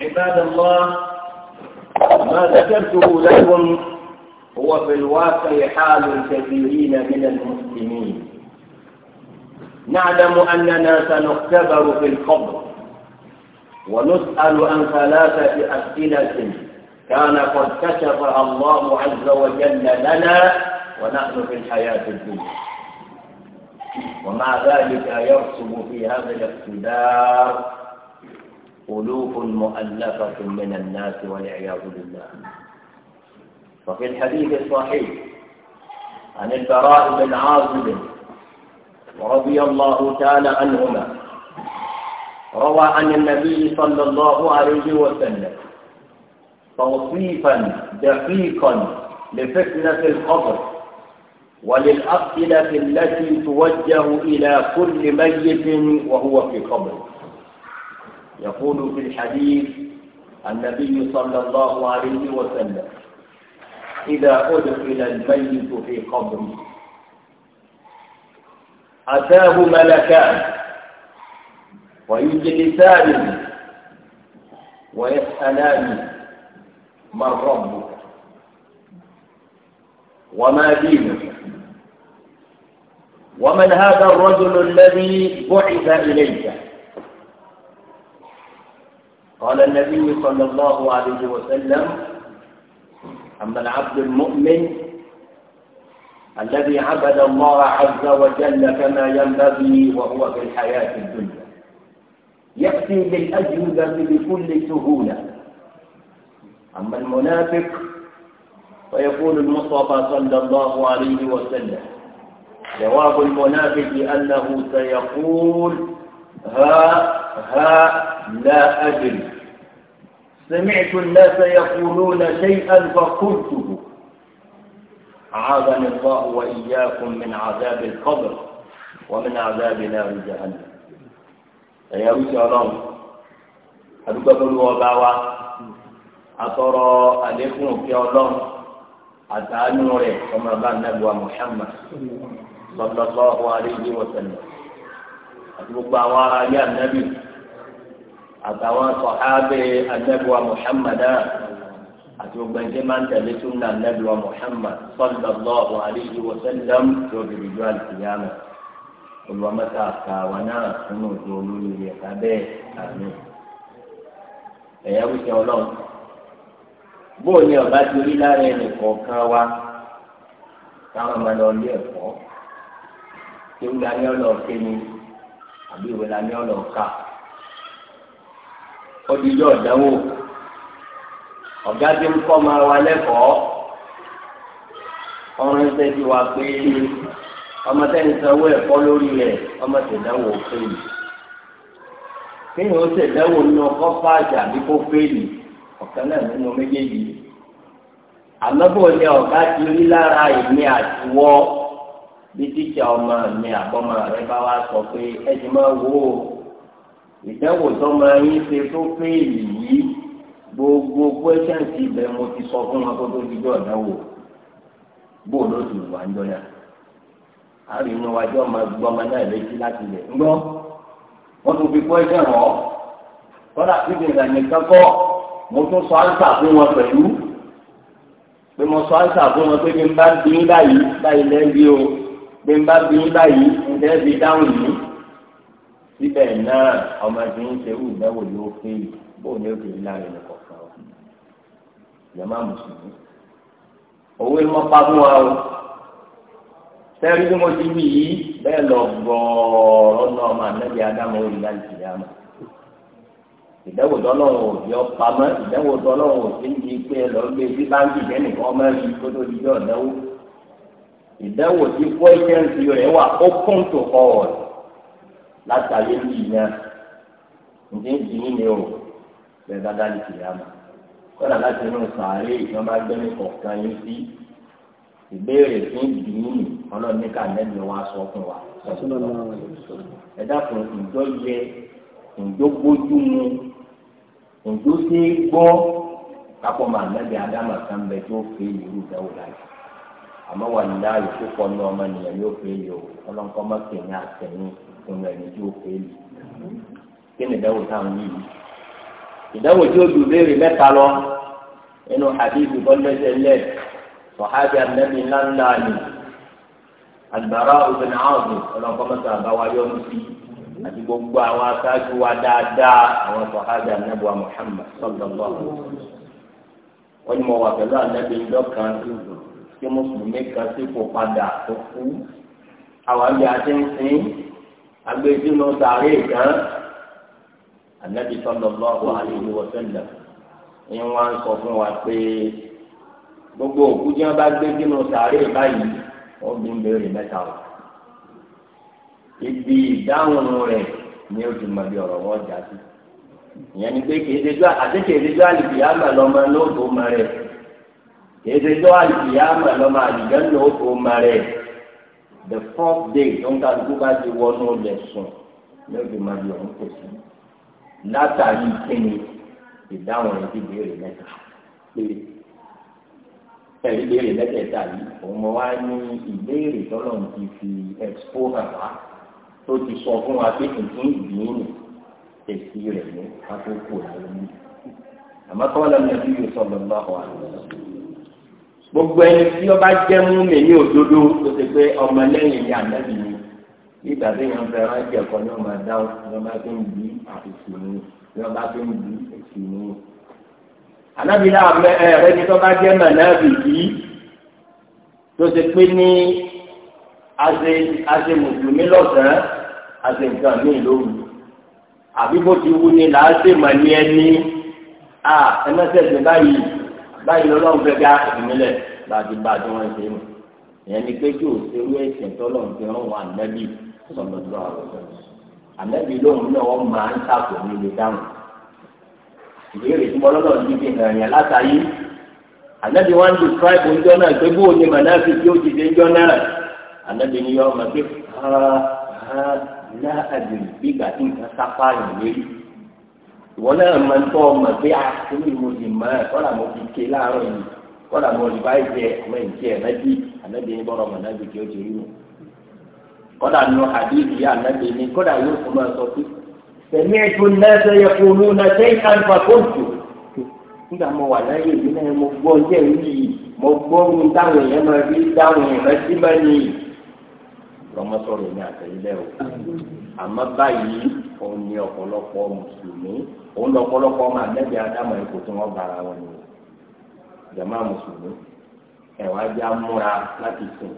عباد الله ما ذكرته لكم هو في الواقع حال الكثيرين من المسلمين نعلم أننا سنختبر في القبر ونسأل عن ثلاثة أسئلة كان قد كشفها الله عز وجل لنا ونحن في الحياة الدنيا ومع ذلك يرسم في هذا الاختبار ألوف مؤلفة من الناس والعياذ بالله وفي الحديث الصحيح عن البراء بن عازب رضي الله تعالى عنهما روى عن النبي صلى الله عليه وسلم توصيفا دقيقا لفتنة القبر وللأسئلة التي توجه إلى كل ميت وهو في قبره يقول في الحديث النبي صلى الله عليه وسلم إذا أدخل الميت في قبره أتاه ملكان ويجلسان ويسألان من ربك وما دينك ومن هذا الرجل الذي بعث إليك قال النبي صلى الله عليه وسلم أما العبد المؤمن الذي عبد الله عز وجل كما ينبغي وهو في الحياة الدنيا يأتي بالأجوبة بكل سهولة أما المنافق فيقول المصطفى صلى الله عليه وسلم جواب المنافق أنه سيقول ها ها لا أجل سمعت الناس يقولون شيئا فقلته عاذني الله واياكم من عذاب القبر ومن عذاب نار جهنم يا وسلام ادوكا بلوا باوا اترى عليكم يا الله اتانوا له كما قال النبي محمد صلى الله عليه وسلم ادوكا باوا يا النبي àtàwọn sọ̀hábẹ́ anẹ́bùwà Muhammad àti gbogbo ẹ̀jẹ̀ máa ń tẹ̀lé súnà anẹ́bùwà Muhammad sallallahu alayhi wa sallam tó bìbí ju àlùkìyàmù olùwàmẹ́ta àtàwọn náà nínú ìlú olóyè ẹ̀ka bẹ́ẹ̀ àmì ẹ̀yà wíṣẹ ọlọ́run bóò ni ọba ti rí lára ẹnì kọ̀ọ̀kan wa táwọn ọmọ lọ lé ẹ̀kọ́ kéwù la ní ọlọ́ọ̀ké ni àbí ìwé la ní ọlọ́ọ̀ká odijọ́ ọ̀dánwò ọ̀gá tí ń kọ́ máa wá lẹ́kọ̀ọ́ ọ̀rọ̀ ṣe ti wá pé ọmọ tẹ́ni sanwó ẹ̀kọ́ lórí rẹ̀ ọmọ tẹ̀dáwò fèlì kéèyàn ó tẹ̀dáwò nínú ọkọ́ fáàjà bí kò fèlì ọ̀kan náà nínú méjèèjì àmọ́ bò ọ̀gá ti rí lára èmi àtiwọ́ bí tíṣà ọmọ mi àbọ̀mọ rẹ bá wá sọ pé ẹ máa wò ó ìdánwò tó máa yín ṣe tó pé yìí gbogbo kwẹ́sẹ̀ǹtì ibẹ̀ mo ti sọ fún wọn kó tó di jọ́ ìdánwò bó ló ti wà ń jọyà àrí inú wa jọ máa ọmọ náà létí láti lẹ̀ ńgbọ́ wọ́n tún fi kwẹ́sẹ̀ hàn kọ́dà síbi ìlànà ìkẹ́kọ̀ọ́ mo tún sọ àǹsà fún wọn pẹ̀lú pé mo sọ àǹsà fún wọn pé bí n bá bí ń báyìí báyìí lẹ́ẹ̀bí o bí n bá bí ń báyìí ń tẹ́ẹ̀bí dáhùn yìí síbẹ̀ náà ọmọ tí ń ṣe irú ìdánwò yóò fẹ́ yìí bóun ni ó kéré láàrin nìkan kan wa ìjọba mùsùlùmí owó ni wọ́n pa fún wa o sẹ́rí tí mo ti wí yìí bẹ́ẹ̀ lọ gbọ́ọ̀rọ̀ náà máa nẹ́bí adámọ̀ orí láti ṣe àmà ìdánwò tọ́lọ́run ò yọ pamọ́ ìdánwò tọ́lọ́run ò sí ní pé ẹ lọ gbé sí báńkì kẹ́nìkan máa ń fi kótó di ọ̀dánwò ìdánwò tí fọ́ ìjẹ́nsì rẹ̀ wà ó kún tó kọ́ ọ̀rọ̀ látàyé lù yìí náà ǹjẹ́ ìdí yín ni o bẹ́ẹ̀ dáadáa lè tìyà mọ́ kọ́dà láti inú sàárè ìjọba máa gbé ní kọ̀ọ̀kan yín sí ìbéèrè tí ń yín ọlọ́run ní ká lẹ́nu wa sọ fún wa. ẹ dákun ìjọ yẹ ìjọ gbójú mu ìjọ sí gbọ́ kápọ̀ máa lẹ́bi ádámà kan bẹ tó fẹ́ ìlú ìdáwó láyé àmọ́ wà ní láàyè púpọ̀ ní ọmọ nìyẹn yóò fẹ́ yìí o ọlọ́nkọ́ mọ́kìnrin àtẹ̀yìn ọmọ ẹni tí ó pè é lù kí ni ìdánwò táwọn yìí ìdánwò tí ó dùn léèrè mẹ́ta lọ nínú àdìsí bọ́lẹ́sẹ̀ lẹ̀ sọ̀hábì ànábì ńláńlá ni àgbàrá òbẹ̀nà àwọn ọlọ́kọ́mọ́sá àbáwáyé ọ̀nù sí àti gbogbo àwọn aṣáájú wa dáadáa àwọn sọ̀hábì ànábì wa Muhammad sọ̀tọ̀tọ̀ wọ́n ní mo wà pẹ̀lú ànábì ńlọ kan tí mùsùlùmí kan sí kò padà tó kú àwọn àgbẹ̀ àti ń sìn agbésínú sàárè kan anabi sallallahu alaihi wa sallam ni wọn sọ fún wa pé gbogbo òkú tí wọn bá gbé sínú sàárè báyìí wọn bí ń béèrè mẹ́ta o ibi ìdáhùn rẹ ni o ti mọ bí ọ̀rọ̀ wọn já sí ìyẹn ni pé kìí ṣèjọ àti kìí ṣèjọ àlìkìyàmà lọmọ lóògùn mọ rẹ kìí ṣèjọ àlìkìyàmà lọmọ àlìjẹ lóògùn mọ rẹ the fourth day tó ń kálukú bá ti wọnú lẹ̀ sùn ní òbí máa di ọ̀hún kò sí látàrí kíni ìdáhùn rẹ̀ ti béèrè mẹ́ta péré pẹ̀lú ìbéèrè mẹ́tẹ̀ẹ̀ta yìí òun mọ̀ wá ní ìbéèrè tọ́lọ̀ ti fi expo hàn wá tó ti sọ fún wa pé nǹkan ìdín nì èsì rẹ̀ ní akókò rẹ̀ ní. àmọ́ kọ́lá mi àti yóò sọ lọ́gbà wà lọ́wọ́ gbogbo ẹni tí ọba jẹ́ mú mi ní òdodo tó ti pé ọmọ lẹ́yìn ní ànábì mi nígbà tí wọn fẹ́ wọn jẹ ẹ̀kọ́ ní ọmọ dáhùn ní ọba tó ń bí àfìsì mi ní ọba tó ń bí èsì mi. ànábì náà mẹ ẹ rẹ ní tọ́ba jẹ́ mọ̀nàbì yìí tó ti pé ní àṣẹ mùsùlùmí lọ́sàn-án àṣẹ nǹkan míì lóru àbí bó ti wú ni làá ṣe mọ̀ ní ẹni à ẹ mẹ́sẹ̀ ṣe báyìí báyìí lọ́lọ́run fẹ́ gá ìmílẹ̀ bàdí bàdí wọn ṣe mọ̀ ìyẹn ni pé kí òṣèlú ẹ̀sìn tọ́lọ́run fi rán wọn ànábì sọ̀tọ̀tọ̀ àwọn ànábì lóhùn náà wọ́n máa ń sàkó ní ilé dáhùn ìbéèrè tí mọ́lọ́lọ́ ní fi hàn yẹn látàyé ànábì wọn ń describe oúnjẹ náà pé bó ni mànáfi tí ó ti dé ńjọ náà ànábì ni yọ ọmọ pé ha ha láàdì gbígbà tí nǹkan sápá ìlérí ìwọ náà máa ń tọ́ ọmọ pé a ah, kí ni mo lè máa kọ́là mo fi ké láàárọ̀ yìí kọ́là mo lè bá ìjẹ àmọ́ ìjẹ ẹ̀nẹ́bí ànábì ní bọ́rọ̀ mọ̀ náà kí ó ti rí mu kọ́là nu àdéhùn yá ànábì ní kọ́là yóò fún máa sọ pé tẹ̀mí ẹ̀tún náà ṣe yẹ kó ló náà ṣe ìkànnfà kóòtù nígbà mo wà láyé ìlú náà mo gbọ́ jẹ́ yìí mo gbọ́ ohun táwọn òun ni ọ̀pọ̀lọpọ̀ mùsùlùmí òun ni ọ̀pọ̀lọpọ̀ ọmọ àgbẹ̀bẹ̀ adámọ̀ ipò tí wọ́n bára wọn ni jàmá mùsùlùmí ẹ̀wọ̀n ajá múra láti sìn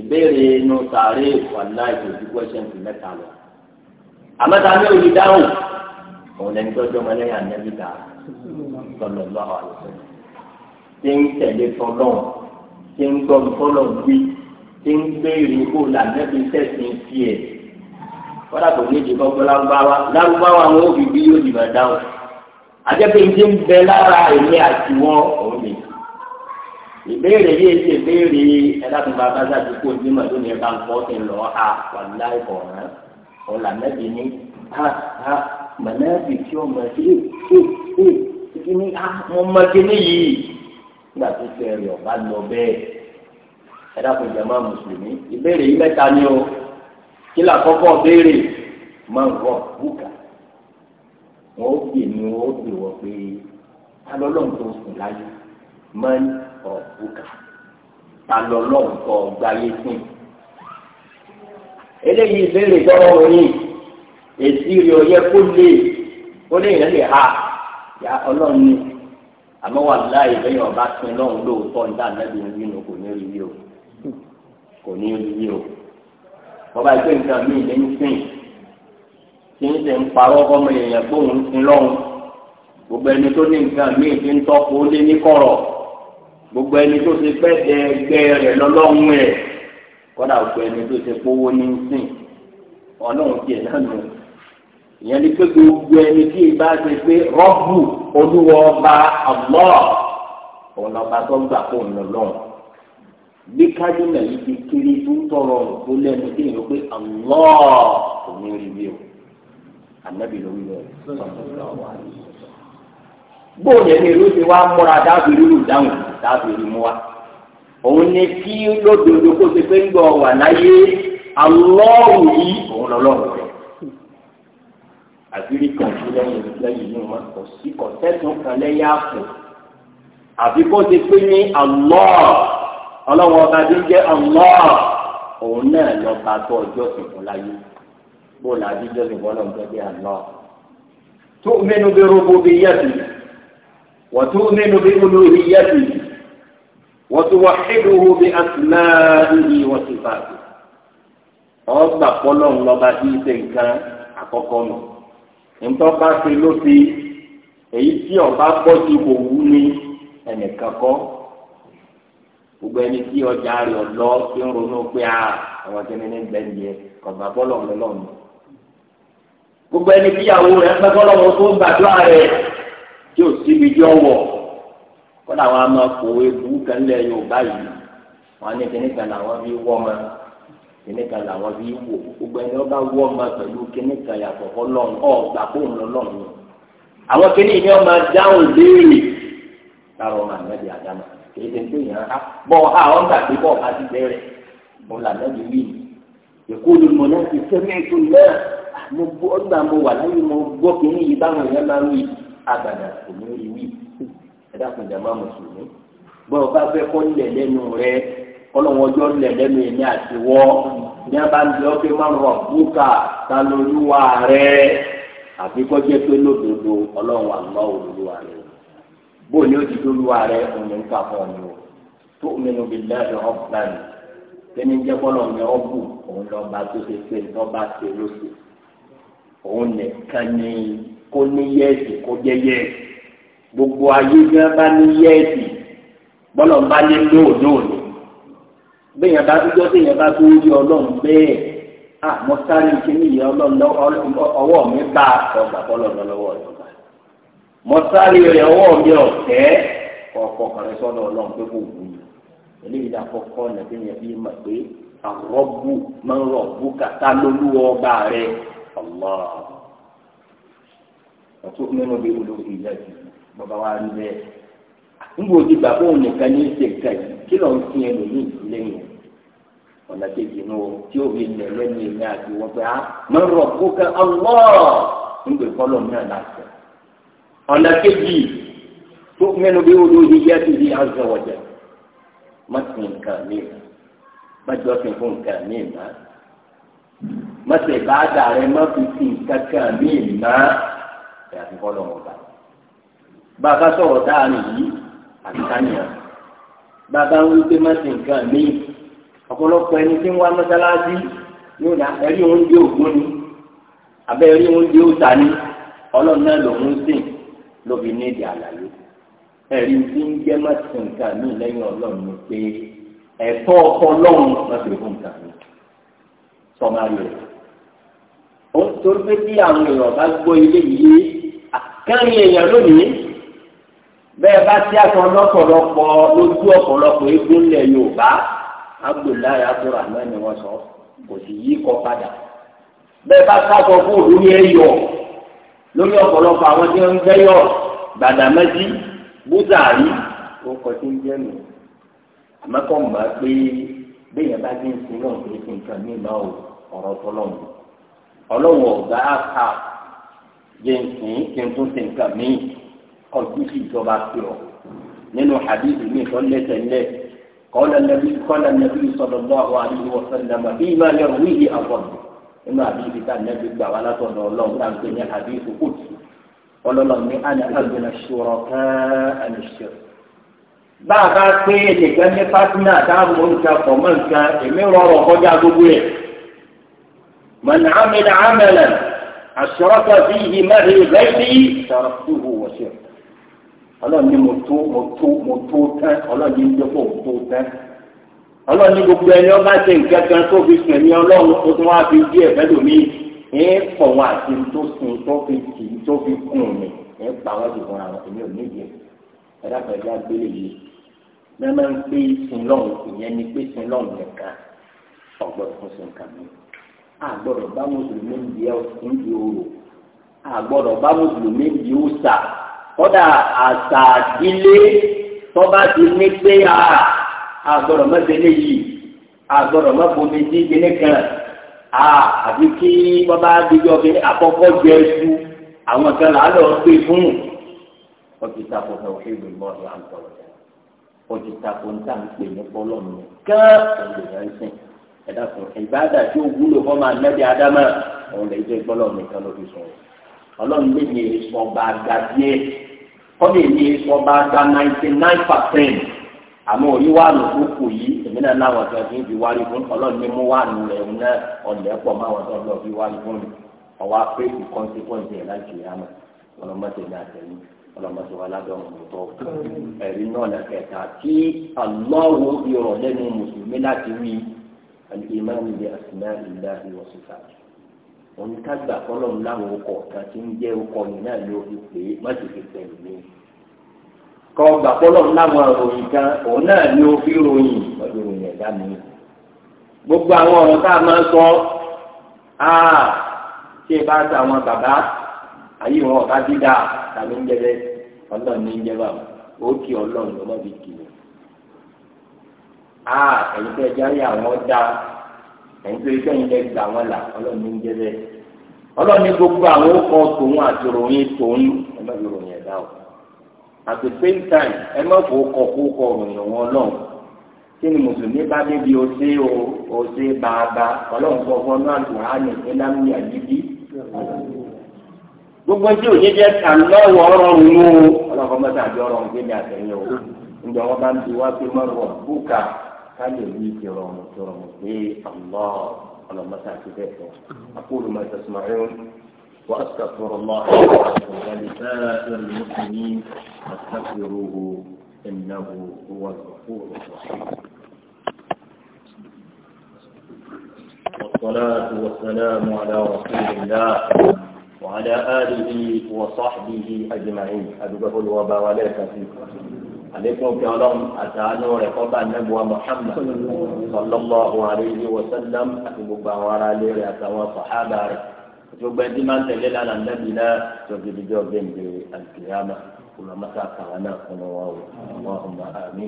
ìbéèrè inú sàárè wàlá ìtòjú kwẹ́sẹ̀ǹtì mẹ́ta lọ àmọ́ta ní òyìn dáhùn òun lẹni tọ́jú ọmọ lẹ́yìn ànẹ́bí ta sọlọ lọ́wọ́ àlùfẹ́ tí ń tẹ̀lé tọ́lọ́hùn kọ́dà kò ní ìdìbò pé lárúbáwá lárúbáwá wọn ò fi bí yóò dìbò dáhùn àjẹpẹ́ ìdí ń bẹ lára èmi àti wọn òun ni ìbéèrè yìí ṣe ìbéèrè ẹ̀dàkùn bàbá sáàtì kó onímọ̀ tó ní ẹ̀ka nǹkan ọ̀sẹ̀ lọ ha wàlá ẹ̀kọ́ rẹ̀ ọ̀là mẹ́bi ní ha ha mọ̀nẹ́bì tí ó mọ̀ sí ẹ̀ ẹ̀ ní mo mọ kíní yìí nígbà tó fẹ́ rẹ̀ ọ̀bá lọ bẹ́ẹ̀ ẹ̀dàkùn jàmá mùsùlùmí ìbéèrè yìí mẹ́ta ni o kí là kọ́kọ́ béèrè máa ń rọ bùkà wọn ó bì ní wọn ó bì wọ pé alọ́lọ́run tó sùn láyé máa ń rọ bùkà alọ́lọ́run tó gbáyé sìn. eléyìí ìbéèrè tọrọ òní èsì rẹ ọyẹ kó lè kó lè yẹn lè ha ya ọlọ́run ni àmọ́ wà láàyè lẹ́yìn ọba sin lọ́run lóòótọ́ nígbà mẹ́rin nínú kò ní rí i o kò ní rí i o bàbá ìpè nǹkan míì lè ń sìn tí ń sìn ń parọ́ ọmọ èèyàn gbóhùn ń sin lọ́hùn gbogbo ẹni tó ní nǹkan míì ti ń tọ́kù ó lé ní kọ̀rọ̀ gbogbo ẹni tó ti fẹ́ dẹ ẹgbẹ́ rẹ̀ lọ́lọ́hùn ẹ̀ kọ́dà gbogbo ẹni tó ti powó ní sìn ọlọ́run tiẹ̀ lánàá ìyẹn ni pé gbogbo ẹni tí ì bá ti pé rọ́bù olúwọ́ ọba ọ̀gbọ́n ọ̀nà ọba tó gbà kó ń lọ lọ́hùn bí kájínà yìí ti kiri tó ń tọrọ ọ̀rọ̀ tó lẹ́nu kí nìyẹn pé Allah kò ní rí bí o ànábì ló ń lọ bóòlù ẹni ìlú ti wá múra dábì rírù dáhùn dábì rí mú wa òun ni kí lódodo kó ti pé ń gbọ wà láyé Allah yìí òun lọ́lọ́run rẹ̀ àbírí kan sí lẹ́yìn lẹ́yìn inú ma kò sí kọ̀tẹ́tù kan lẹ́yìn àpò àbí kó ti pé ní Allah ọlọ́wọ́ ọba tó jẹ́ Allah òun náà lọ́ba tó ọjọ́ ìfún láyé bó la bí jọ́ ìfún ọlọ́run tó jẹ́ Allah. tu'minu bi rububiyyatihi wa tu'minu bi uluhiyyatihi wa tuwahhiduhu bi asma'ihi wa sifatihi. ọgbà pọ́lọ́ ńlọba tí ṣe nǹkan àkọ́kọ́ nù. nǹkan bá ló fi èyí tí ọba gbọ́ ti wò wú ní ẹnìkan kọ́ gbogbo ẹni tí ọjà rẹ ọlọ tí ń ronú pé a ah, àwọn tí nínú ìgbẹ́ ń yẹ kọ̀gbà bọ́lọ̀ lọ́lọ́mù gbogbo ẹni tí ìyàwó rẹ fẹ́ bọ́lọ̀ wọn tó ń gbàdúrà rẹ tí ò síbi jọ wọ̀ kọ́dà wọn a máa kó ewu kẹ́lẹ́ Yorùbá yìí wọn ní kíníkan làwọn fi wọ́ ọmọ kíníkan làwọn fi wò gbogbo ẹni ọba wọ́ ọmọ pẹ̀lú kíníkan yàtọ̀ ọlọ́run ọ̀gbà fóun lọ́lọ́run àwọn kíní ìní ọmọ dáhùn léèrè láàrọ̀ ọmọ àgbẹ̀dẹ̀ àdámọ̀ kìí ṣe tó yàn á bọ́ ha ọ́n gbà pé bọ́ọ̀ bá ti bẹ̀rẹ̀ òun là lẹ́bi wí èkó ni mo náà ti sẹ́mi ètò náà mo gbọ́ ọgbà mo wà láyé mo gbọ́ kínní yìí báwọn èèyàn máa ń wí àgbàdà kò ní rí wí ẹ dákun jàmá mùsùlùmí bọ́ọ̀ bá fẹ́ kọ́ lẹ̀ lẹ́nu rẹ ọlọ́wọ́n ọjọ́ lẹ̀ lẹ́nu èmi àti wọ́ ní a ọ́kẹ́ máa ń rọ̀ búkà ta lóluwà rẹ àfikọ́jẹ́ pé lódodo ọlọ́wọ́n àlọ́ òluwà rẹ bó ní o ti tó luwa rẹ òun ń kà fún ọ tó mẹnu bí lẹ́yìn ọ̀pọ̀lọpọ̀ tẹ́ni jẹ́ bọ́lọ̀ ní ọ̀bù òun lọ́ba tó ṣe pé lọ́ba ṣe ló ṣe òun nìkan ni kó ní yẹ́ẹ̀sì kó jẹ́ yẹ́ẹ̀sì gbogbo ayé gan bá ní yẹ́ẹ̀sì bọ́lọ̀ ń bá ní lóòlóò ni bẹ́ẹ̀yàn bá tó jọ́sẹ̀ yẹn bá tó rí ọlọ́run bẹ́ẹ̀ à mọ sáré kíní yẹn ọlọ́run ọwọ́ mi bá ọgbà bọ́lọ̀ lọ́wọ́ ìjọba mọ́sálì rẹ̀ ọwọ́ mi ọ̀tẹ́ ọ̀pọ̀ kan sọ́dọ̀ ọlọ́run pé kò wù mí eléyìí kọ́kọ́ yẹn fi mọ̀ pé àrọ́bù máa ń rọ̀bù kàtá lólúwọ́ ọba rẹ̀ ọ̀tún nínú bí ìyá ti bàbá wa rí bẹ́ẹ̀ nìkan ní nǹkan yìí kí ló ń fi ọ̀nà kejì ní o a máa ọ̀nà kejì tu'minu bí uluhiyyatihi azza wa jalla má ti nǹkan mìíràn má jọ fún nǹkan mìíràn má ti bá dàrẹ má fi nǹkan kan mìíràn yàtí kọ́lọ́ bá bàbá sọ̀rọ̀ yìí bàbá nǹkan mìíràn ọ̀pọ̀lọpọ̀ ẹni tí ń wá mọ́sálásí yóò dá ẹ̀rí oúnjẹ ni ni ọlọ́run náà lòún sìn. ló fi nídìí àlàyé ẹ̀rí tí ń jẹ́ má ti nǹkan mí lẹ́yìn ọlọ́run ni pé ẹ̀tọ́ ọkọ ọlọ́run má ti fún nǹkan mí sọmárì rẹ̀ ó ń torí pé tí àwọn èèyàn bá gbọ́ ilé yìí àkáyìn èèyàn lónìí bẹ́ẹ̀ bá tí aṣọ lọ́pọ̀lọpọ̀ lójú ọ̀pọ̀lọpọ̀ eégún lẹ̀ Yorùbá Abdullahi Abdulrahman ni wọ́n sọ kò sì yí kọ padà bẹ́ẹ̀ bá sáfọ lórí ọ̀pọ̀lọpọ̀ àwọn tí wọ́n ń gbẹ́yọ̀ gbàdámẹ́jì búzàrí ó kọ tí ń jẹ́ nù àmọ́kọ́ mọ̀ pé bẹ́ẹ̀ bá dín sí náà kò sí nǹkan mímọ́ o ọ̀rọ̀ tọ́lọ́mù ọlọ́run ọ̀gá àká jẹ́ nsìn kí n tó ṣe nǹkan míì ọdún sí ìjọba sí ọ nínú hadith mi tó lẹ́sẹ̀lẹ́ kọ́lá nàbí kọ́lá nàbí sallallahu alaihi wa sallam bí ìmọ̀ nínú àbíyí ká nẹ́bí gbà wá látọ̀dọ̀ ọlọ́run tá à ń pè ní àbíyí kókó tì ọlọ́run ní àná àgbẹ̀nà ṣòro káà ní ṣe. bá a bá pé nìkan ní pátínà dáàbò nǹkan pọ̀ mọ́ nǹkan èmi rọrọ̀ kọjá gbogbo ẹ̀. من عمل عملا أشرك فيه معي غيري تركته وشركه ọlọ́run ní mo tó mo tó mo tó tán ọlọ́run ní ọlọ́run ní gbogbo ẹni ọba ṣe nǹkan kan tó fi sùn ẹ̀mí ọlọ́run tó tún wá fi díẹ̀ fẹ́ lómi ẹ̀ ń pọ̀ wọn àti tó sùn tó fi kì í tó fi kùn mí ẹ̀ ń pa wọn ti fún àwọn èmi ò ní ìdíyẹ ẹ̀dá pẹ̀lú agbélé yìí bẹ́ẹ̀ máa ń pé sùn lọ́run ìyẹn ni pé sùn lọ́run nìkan ọ̀gbọ́dọ̀ fún sùn kàn mí àgbọ́dọ̀ bá mùsùlùmí ń di ọ̀sùn di oòrò àgbọ́dọ̀ bá mùsùlùmí ń di òòṣà kọ́dà àṣà àdílé tọ́ba ti ní pé a. Ah, àgbọ̀rọ̀ mọ́tẹ́lẹ̀ yìí àgbọ̀rọ̀ mọ́fọmi sí kíní kan à àbí kí wọ́n bá dijọ́ bí àkọ́kọ́ jẹ ẹṣu àwọn kan là á lọ gbé fún wọ́n ti ta kọ̀ọ̀kan òfin ìlú mọ́ọ̀lù àǹtọ̀rọ̀ wọ́n ti ta kọ̀ọ̀kan ń pè ní fọlọ́ọ̀nù kán olùrẹ́sìn ẹ̀dá fún ìbáàdà tí ó wúlò fọ́ máa nẹ́bí ádámà òun lè jẹ́ fọlọ́ọ̀nù kan ló fi sọ̀rọ̀ ọlọ́run lè ní ìsọba àgbà díẹ̀ kọ́ lè ní ìsọba àgbà ninety nine percent àmọ́ orí wà nù tó kù yìí èmi náà láwọn tó ti ń fi wárí fún ọlọ́run mímú wà nù rẹ̀ ń ná ọ̀lẹ́ pọ̀ máwọn tó lọ fi wárí fún mi ọwọ́ pé ìkọ́nsíkọ́nsì ẹ̀ láti ṣe àmọ́ ọlọ́mọdé ní àtẹ̀yìn ọlọ́mọdé wà ládọ́run ló tọ́ ẹ̀rí náà lẹ kẹta tí alọ́wọ́ irọ̀ lẹ́nu mùsùlùmí láti rí alimami bi asina ìlà ìwọ̀sùfà òun ká láwọn ọkọ̀ kan kọ́ gbàpọ́lọ̀ láwọn ròyìn kan òun náà ni ó fi ròyìn lọ́dún ròyìn ẹ̀dá mi. gbogbo àwọn ọ̀rọ̀ tá a máa sọ á ṣe bá sàwọn bàbá ayé wọn ọ̀tá dídá tàbí ń jẹrẹ ọlọ́run ní ń jẹ báwọn ó kí ọlọ́run lọ́mọ bí kì í. á ẹ̀yin tó ẹja rí àwọn dá ẹ̀yin tó ẹjọ́ yín gbà wọn là ọlọ́run ní ń jẹ bẹ́ẹ̀ ní gbogbo àwọn ó kọ tòun àti ròyìn tòun ọlọ́run ròyìn ẹ̀dá ọ̀tá. at the same time ẹ má fò kọ kó kọ wọn náà kí ni mùsùlùmí bá débi o ṣe o o ṣe bàbá ọlọ́run á gbogbo tí òye lọ́wọ́ o ọlọ́kọ̀ bá gbé ní àtẹ̀yìn o ǹjẹ́ wọ́n bá ń ti wá pé mọ́rùn búkà ká lè وأستغفر الله ولسائر المسلمين فاستغفروه إنه هو الغفور الرحيم والصلاة والسلام على رسول الله وعلى آله وصحبه أجمعين أدبه الوباء وليس فيه عليكم كلام أتعالى رقبة نبوة محمد صلى الله عليه وسلم أدبه وعلى آله وصحبه gbogbo ẹtí máa ń tẹ̀lé lánàá nàbí náà jọ̀gẹ̀dẹ̀ jọ̀gẹ̀dẹ̀ àgbéyàmà kúlọ̀ mọ́tà kàwá náà fún wa o àwọn ọmọ àmì.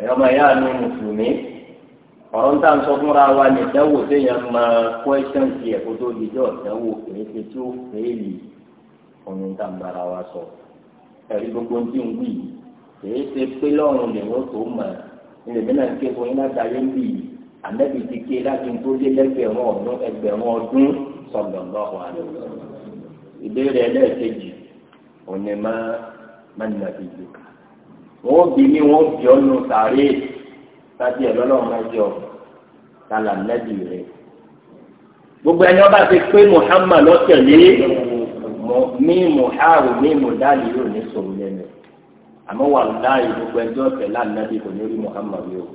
ẹ̀yọ́ máa yá àánú mùsùlùmí ọ̀rọ̀ ń tà ń sọ fúnra wa ní ìdánwò téèyàn máa kwẹ́sán sí ẹ̀kọ́ tó di jọ́ ìdánwò èéfé tí ó fèèlì ọ̀run tá ń bára wa sọ. ẹ̀rí gbogbo ń tí wí èé ṣe pé lọ́rùn lèwọ́ tó mọ̀ ilẹ̀ mìíràn sọ̀dọ̀ lọ́wọ́ àlọ́ ìbéèrè ẹlẹ́ẹ̀kejì òní má má nà fi jù wọ́n bí ní wọ́n bí ọ́ nù sàárè sábì ẹ̀ lọ́lọ́run má jọ kálá nẹ́bì rẹ̀ gbogbo ẹni ọba ti pé Muhammad lọ́tẹ̀lé mí muharu mí mudali yóò ní sọ̀rọ̀ lẹ́nu àmọ́ wà láàyè gbogbo ẹjọ́ tẹ̀lé ànábì kò ní rí Muhammad yóò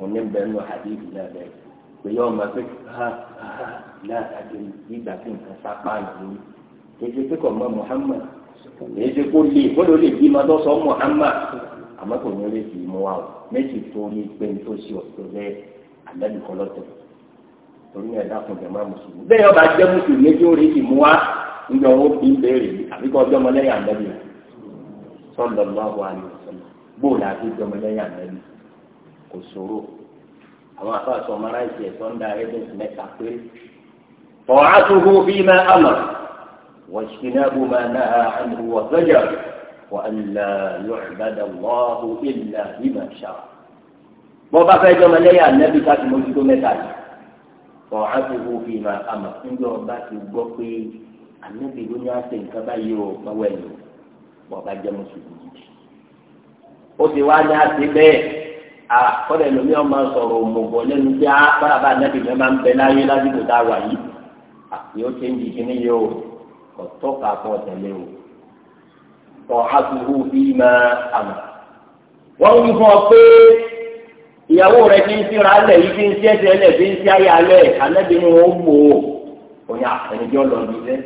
òní bẹ́ẹ̀ nù náà bẹ́ẹ̀ pé yọ ọmọ pé ha ha náà àti nígbà tí nǹkan sápá yìí kéde pé kò mọ Muhammad kéde kó lè kódò lè bí mọtò sọ Muhammad àmọ́ kò ní lè fi mú wa o méjì tó ní pé ní tó ṣe ọ̀tọ̀ lẹ àlẹ́ ìkọlọ́tọ̀ torí ẹ̀ dákun jẹ̀ máa mùsùlùmí bẹ́ẹ̀ ọba jẹ́ mùsùlùmí tí ó rí ti mú wa ńjọ ó fi ń béèrè àbíkọ́ ọjọ́ ọmọlẹ́yìn àlẹ́ yìí sọ́ọ̀lọ́ lọ́wọ́ àlè bóòlù àti ọjọ́ ọmọlẹ́yìn àlẹ́ kò ṣòro àwọn afa sọmọra ìṣe sọńdà ẹdùn mẹ́ta pé ọ̀hátùhù fíìmà àmà wàṣìnàbù máa náà ànú wàgbẹ́jà wà ńlá yóò ìbàdàn wọ́ọ̀hù ìlà bímà ṣáà. bọ́ bá fẹ́ jọmọ lẹ́yìn ànábì káàkiri mójútó mẹ́ta yìí ọ̀hátùhù fíìmà àmà ńjọ bá ti gbọ́ pé ànábì ló ní àṣẹ nǹkan báyìí ó pẹ́wẹ́ lò bọ́ bá jẹ́ mùsùlùmí. ó ti wá ní àṣẹ bẹ́ẹ̀ àkọlẹ̀ lómi ọmọ sọ̀rọ̀ òmùgọ̀ lẹ́nu pé a bára bá nàbì mẹ́ máa ń bẹ láyé lásìkò tá a wà yìí àti ó ti ń di yìí o ọ̀tọ́ kà fún ọ̀tẹ̀lé o ọ̀ àtúhù bíi máa àmà. wọ́n wí fún ọ pé ìyàwó rẹ̀ ti ń síra lẹ̀ yìí ti ń sí ẹsẹ̀ lẹ̀ ti ń sí ayé alẹ̀ ànábì ni wọ́n wò ó òyìn àtẹnijọ́ lọ nílẹ̀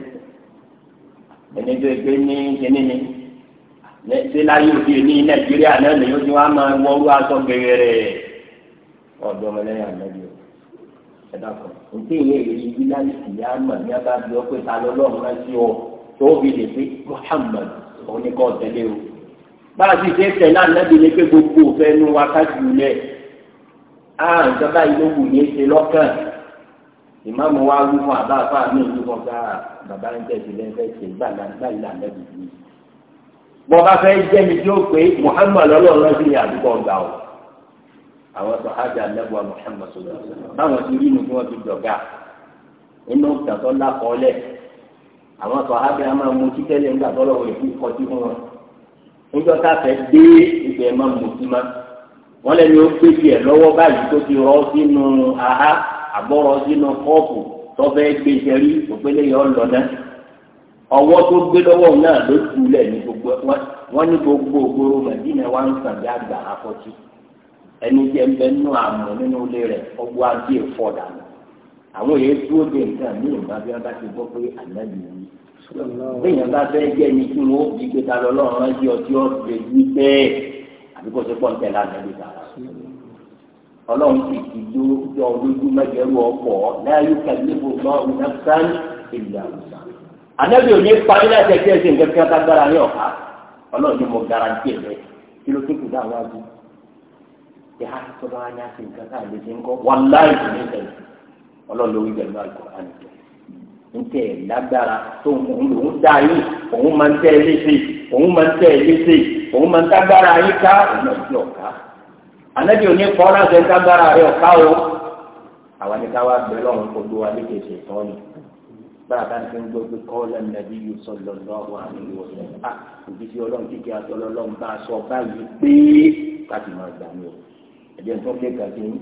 ẹnijọ́ ẹgbẹ́ ní kíní ni ṣé láyé òde ní nàìjíríà náà lèyìn tí wọn máa wọrú aṣọ gbẹrẹ ọ̀dọ̀ ọmọlẹ́yìn ànábì o ẹ̀dá kan nké yẹ èyí bí láyé ìyá àmà ní abájú ọpẹ ta lọ́lọ́run náà sí ọ tó fi lè pé Muhammad òun ni kò tẹ̀lé o bá a sì ṣe tẹ̀lé ànábì ni pé gbogbo òfẹ nu wákàtí lẹ á ìjọba yìí ló wù ní ṣe lọ́kàn ìmáàmù wa wí fún àbá àbá mi ìlú kan ká bàbá ń tẹ̀sí lẹ́fẹ̀ẹ́ ṣe gbàgbà gbàgbà yìí. bọ́ bá fẹ́ jẹ́mi tí ó pé Muhammad ọlọ́run sí ní àdúgbò ọgbà o àwọn sọ̀hájà lẹ́bùn Muhammad sọ̀rọ̀ báwọn ti rí inú tí wọ́n fi inú ìtàtọ́ àwọn sọ̀hájà máa mú títẹ́lẹ̀ ńgbà tọ́lọ̀ wọ̀ èkú fún wọn níjọ́ tá a fẹ́ dé ibẹ̀ máa mú sí ma wọ́n lẹ́nu ó gbé tiẹ̀ ti rọ́ aha àbọ̀rọ̀ sínú kọ́ọ̀pù tọ́fẹ́ gbé yọ ọwọ́ tó gbé lọ́wọ́ wọ́n ní gbogbo ògbóró mẹ́dínà wà ń sàn bí àgbà afọ́tí ẹni jẹ́ ń bẹ nínú àmọ́ nínú ilé rẹ̀ ọgbọ́ adé ẹ̀fọ́ dànù àwọn èyí dúró de nǹkan mí ìgbà bí wọ́n bá ti gbọ́ pé ànábì yìí bẹ́ẹ̀yàn bá fẹ́ jẹ́ ní kí wọ́n bí gbé ta lọ lọ́rùn rántí ọtí ọ̀sẹ̀ yìí bẹ́ẹ̀ àbíkọ́ ṣe pọ̀ ń tẹ̀lé ànábì tààrà ọlọ́run sì ti dúró yọ ọdún mẹ́jọ ẹrú ọkọ̀ láyé kàlífò náà ìnáfẹ́ ìlànà ànábì ò ní parí láti ẹ̀kẹ́ ẹ̀sìn nǹkan tí wọ́n gbára ní ọ̀há ni mo garanti ẹ̀ kí ló tún kù dá wá bí ẹ̀ á tó bá ní àti nǹkan tá lè ṣe ń kọ́ wọn láì tó ní ń lágbára tó ń lò ń dá yìí òun máa ń léṣe òun máa ń léṣe ká òun bàbá ti ń gbogbo kọ́lá nàbí yìí sọ̀lọ̀ lọ́wọ́ àmì ọ̀sẹ̀ à òbí sí ọlọ́run kíkẹ́ àti ọlọ́run bá a sọ báyìí pé káàtì máa gbà mí o ẹ̀jẹ̀ tó ké kàdé ní.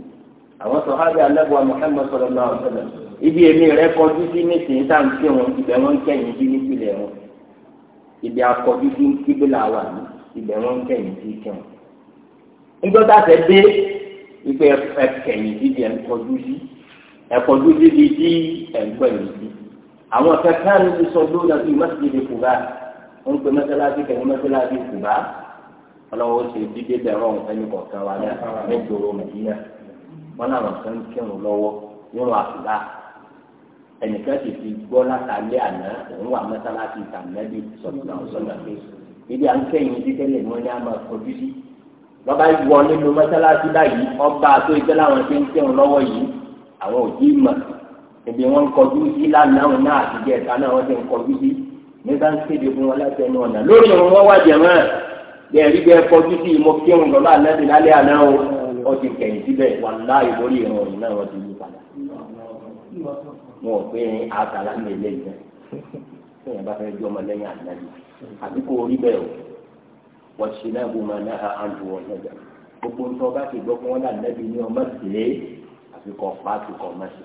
àwọn sọ hábẹ́ alábọ̀ Muhammad sọ̀rọ̀ náà ọ̀sẹ̀lẹ̀ ibi èmi rẹ kọjú sí nísìnyí tá à ń fi wọn ibẹ̀ wọn ń kẹ́yìn sí nípìnlẹ̀ wọn ibi akọjú sí kíbílà wà ní ibẹ̀ wọn kẹ́yìn sí kẹ́wọn. nígbà sí ibi sí ẹkọjú sí ibi tí àwọn kankan ló ti sọ lóòdà sí mọ́sídìí kùbá wọ́n pe mọ́sálásí kẹ́yìn mọ́sálásí kùbá ọlọ́wọ́ ṣe dídé bẹ̀rọ ẹni kọ̀ọ̀kan wa náà mẹ́jọ̀rọ̀ mẹ́jìnà wọn làwọn kan kírun lọ́wọ́ nínú àkùbá ẹnìkan sì fi gbọ́ látàlẹ́ àná òun wà mọ́sálásí ìtànẹ́bí sọ̀tàn sọ̀tàn pé ibi à ń kẹ́yìn títẹ́lẹ̀ ni wọ́n ní a máa kọjú sí bàbá wọ nínú mọ́sálásí báyìí ọba àti ebi wọn kọjú sí lánàá wọn náà àti jẹ ẹka náà wọn ti ń kọjú sí nígbà ń kéde fún wọn láti ẹnu ọ̀nà lórí òun wọn wá jẹ mọ́ bẹ́ẹ̀ rí bẹ́ẹ̀ kọjú sí mo kí òun bàbá ànábì lálẹ́ àná o wọn ti kẹ̀yìn síbẹ̀ wàlá ìwọlé ìran ọ̀yìn náà wọn ti yí padà wọn ò pé àtàlà mi lè yẹ sẹ́yìn bá fẹ́ jọ́ ọmọ lẹ́yìn ànábì àbí kò rí bẹ́ẹ̀ o wọ́n ṣe náà gbọ́ fún wọn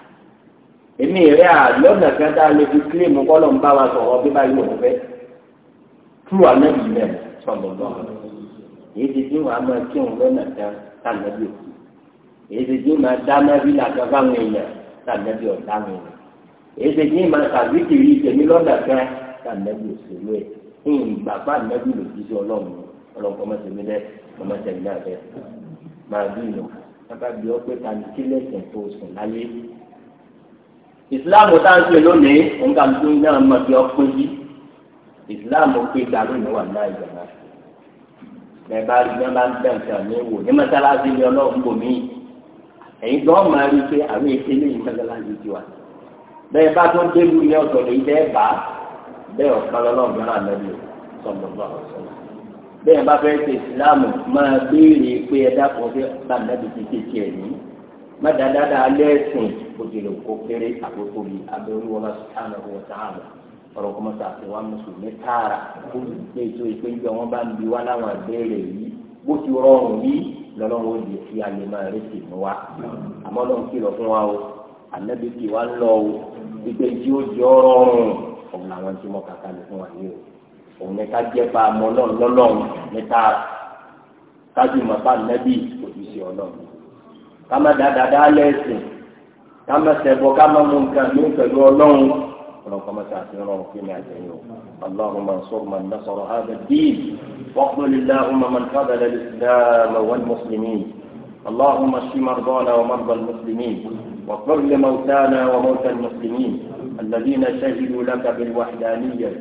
èmi rẹ àlọ́nà kan tá a lè fi kílèmù kọ́ ló ń bá wa sọ̀rọ̀ bí báyìí lòun fẹ́ tú ànábì rẹ sọ̀rọ̀ lọ. èyí ti dín wàá máa kí òun lọ́nà kan tá a nàbí òkú èyí ti dín máa dá nàbí làkàn fáwọn èèyàn tá a nàbí ọ̀dá mi rẹ èyí ti dín máa sàbíkìrì tèmi lọ́nà kan tá òṣèlú ẹ̀ ń gbà bá nàbí lòdì sí ọlọ́run ọlọ́run mọ́tò mi lẹ́ kọ́ ìsìláàmù tá à ń pè lónìí nǹkan tó ń náà mọ bí ọpẹ yìí ìsìláàmù pé ìgbà lónìí wà náà ìgbà náà bẹ́ẹ̀ bá rí bẹ́ẹ̀ bá ń bẹ nǹkan mi wò ní mọ́sálásí ni Ọlọ́run bò mí ẹ̀yin gan máa rí pé àwọn èké ní mọ́sálásí ti wà bẹ́ẹ̀ bá tó débù ní ọ̀tọ̀ lè dẹ bá bẹ́ẹ̀ ọ̀kan lọ́lọ́run yọrọ àlẹbí sọgbọgbọ ọsọlá bẹ́ẹ̀ bá fẹ́ẹ̀ ṣe ìsìláàmù máa béèrè pé ẹ dákun sí bá nàbì ti kékeré yìí mẹ́tàdáda lẹ́sìn òjòlè kó kéré àkókò yìí abẹ́rú wọn bá sùtánù wọn sàánù ọ̀rọ̀ kọ́ mọ́tà àti wọn mùsùlùmí tààrà kó lè tó ìpè ń jọ wọn bá ń bi wá láwọn àgbẹ̀rẹ̀ yìí bó ti rọrùn yìí lọ́lọ́run ó fi alẹ́ máa retí mu wa àmọ́ lọ́n kìlọ̀ fún wa o ànábi kì wá lọ o ìpè tí ó jọ rọrùn òun làwọn tí mo kàkà lè fún wa yìí o òun ní ká jẹ́ pa àmọ́ lọ́n lọ́lọ́run ní tààrà ká sì mọ̀ pa ànábi òjì sí ọlọ́run kama dáadáa lẹ́sìn kama sẹ̀bọ kama mú nǹkan mi pẹ̀lú ọlọ́run ọlọ́run kọ́ mọ́tà àti ọlọ́run kí ni àjẹyìn o اللهم انصر من نصر هذا الدين واقبل اللهم من قبل الإسلام والمسلمين اللهم اشف مرضانا ومرضى المسلمين واغفر لموتانا وموتى المسلمين الذين شهدوا لك بالوحدانية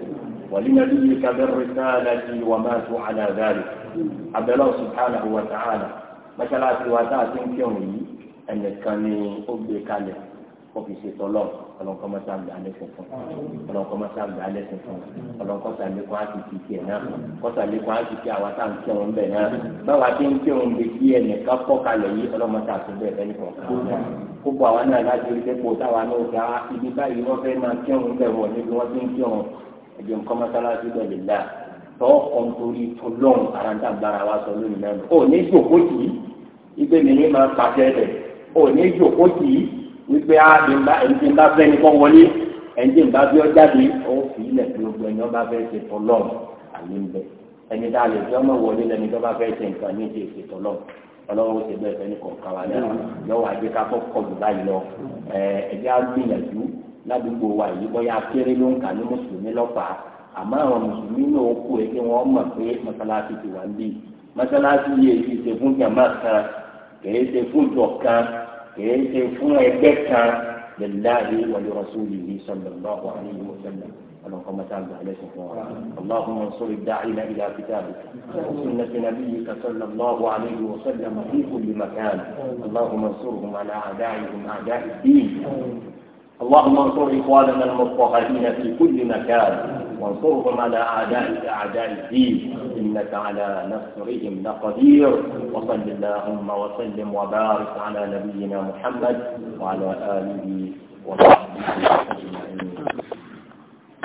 ولنبيك بالرسالة وماتوا على ذلك عبد الله سبحانه وتعالى mọ́ṣáláṣí wa tá a ti ń kírun yìí ẹnìkan ni ó gbé kalẹ̀ ó fi ṣètò ọlọ́run ọlọ́nkọ́ máa sá gbà lẹ́sìn fún ọlọ́nkọ́ máa sá gbà lẹ́sìn fún ọlọ́nkọ́ sàlékún àtìkì tiẹ̀ náà kọ́sàlékún àtìkì àwa tá à ń kí òun bẹ̀ náà báwa ti ń kí òun bẹ kí ẹnìkan kọ́ kalẹ̀ yìí ọlọ́mọ tá a tún bẹ̀ fẹ́ nìkan kan gbogbo àwa náà láti rí dépò táwa náà gba ibi báyìí wọ́n fẹ́ máa kí òun bẹ̀ wọ̀ níbi wọ́n ti ń kí òun ẹ̀jẹ̀ nǹkan mọ́sálásí bẹ̀rẹ̀ lá tọ́ kọ́ntorí tó lọ́n ara ń wa sọ lónìí náà ó ní ìjòkó yìí ipe nìyí máa pàṣẹ rẹ̀ ò ní jòkó tì í wípé a ẹnjẹ ń bá fẹ́ ní kọ́ wọlé ẹnjẹ ń bá bí ọ jáde ó fi ilẹ̀ tí gbogbo ẹni ọba fẹ́ ṣe tọ́lọ̀ àyè ń bẹ ẹni tá a lè fi ọmọ wọlé lẹni tó bá fẹ́ ṣe nǹkan ní ti ṣe tọ́lọ̀ ọlọ́wọ́ ti bẹ́ẹ̀ fẹ́ ní kọ̀ọ̀kan wa náà lọ́wọ́ ajé ká kọ́ kọlù báyìí lọ ẹ̀ẹ́dẹ́ á gbìyànjú ládùúgbò wa yìí bọ́yá kéré ló ń kà ní mùsùlùmí lọ́pàá àmọ́ àwọn mùsùlùmí náà kú ẹ kí wọ́n mọ̀ pé mọ́sálásí ti wà ń bí mọ́sálásí yìí ti ṣe fún jàmbá kan kìí ṣe fún ìjọ kan kìí ṣe fún ẹgbẹ́ kan lillahi wa li rasulihi sallallahu alayhi wa sallam. اللهم تعالى عليكم اللهم انصر الداعين الى كتابك وسنه نبيك صلى الله عليه وسلم في كل مكان اللهم انصرهم على اعدائهم اعداء الدين اللهم انصر إخواننا المضطهدين في كل مكان وانصرهم على أعدائك أعداء الدين إنك على نصرهم لقدير وصل اللهم وسلم وبارك على نبينا محمد وعلى آله وصحبه أجمعين